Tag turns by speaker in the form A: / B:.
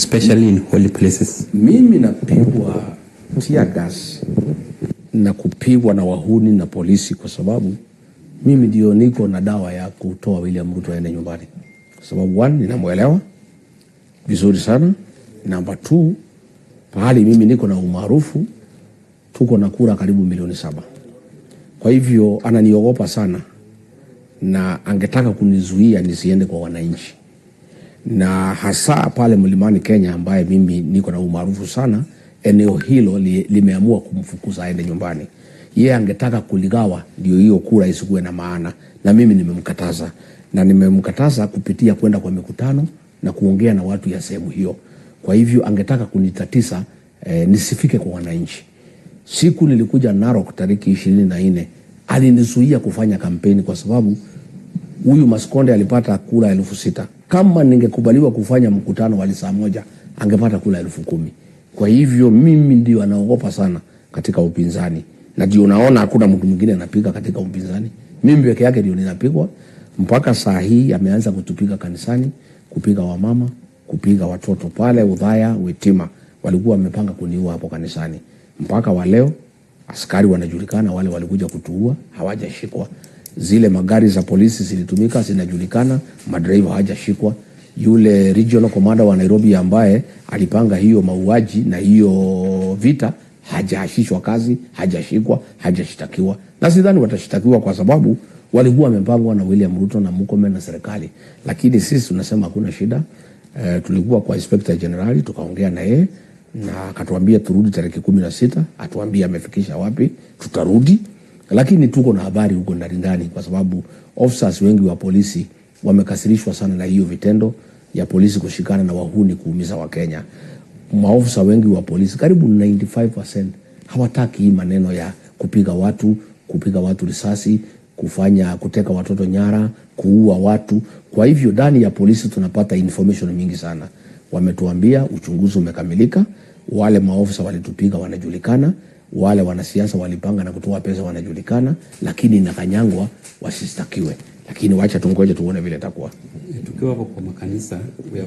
A: Especially in holy places.
B: Mimi napigwa tia gas na kupigwa na wahuni na polisi kwa sababu mimi ndio niko na dawa ya kutoa William Ruto aende nyumbani, kwa sababu one, ninamwelewa vizuri sana. Namba two, pahali mimi niko na umaarufu, tuko na kura karibu milioni saba. Kwa hivyo ananiogopa sana na angetaka kunizuia nisiende kwa wananchi na hasa pale Mlimani Kenya, ambaye mimi niko na umaarufu sana, eneo hilo li, limeamua kumfukuza aende nyumbani. Yeye angetaka kuligawa, ndio hiyo kura isikuwe na maana, na mimi nimemkataza, na nimemkataza kupitia kwenda kwa mikutano na kuongea na watu ya sehemu hiyo. Kwa hivyo angetaka kunitatisa eh, nisifike kwa wananchi. Siku nilikuja Narok tariki ishirini na nne alinizuia kufanya kampeni kwa sababu huyu Maskonde alipata kura elfu sita kama ningekubaliwa kufanya mkutano wa saa moja angepata kula elfu kumi. Kwa hivyo mimi ndio anaogopa sana katika upinzani, na ndio naona hakuna mtu mwingine anapiga katika upinzani. Mimi peke yake ndio ninapigwa mpaka saa hii. Ameanza kutupiga kanisani, kupiga wamama, kupiga watoto pale udhaya wetima. Walikuwa wamepanga kuniua hapo kanisani, mpaka waleo askari wanajulikana, wale walikuja kutuua hawajashikwa zile magari za polisi zilitumika zinajulikana, madereva hajashikwa. Yule regional commander wa Nairobi ambaye alipanga hiyo mauaji na hiyo vita hajaashishwa kazi, hajashikwa, hajashitakiwa, na sidhani watashitakiwa kwa sababu walikuwa wamepangwa na William Ruto na Mukome na serikali, lakini sisi tunasema hakuna shida. E, tulikuwa kwa inspector general tukaongea na yeye na akatuambia turudi tarehe kumi na sita, atuambie amefikisha wapi, tutarudi lakini tuko na habari huko ndani ndani, kwa sababu officers wengi wa polisi wamekasirishwa sana na hiyo vitendo ya polisi kushikana na wahuni kuumiza Wakenya. Maofisa wengi wa polisi karibu 95% hawataki hii maneno ya kupiga watu, kupiga watu risasi, kufanya kuteka watoto nyara, kuua watu. Kwa hivyo ndani ya polisi tunapata information mingi sana. Wametuambia uchunguzi umekamilika, wale maofisa walitupiga wanajulikana wale wanasiasa walipanga na kutoa pesa wanajulikana, lakini kanyangwa wasistakiwe, lakini wacha tungoje tuone vile itakuwa tukiwa hapo kwa makanisa.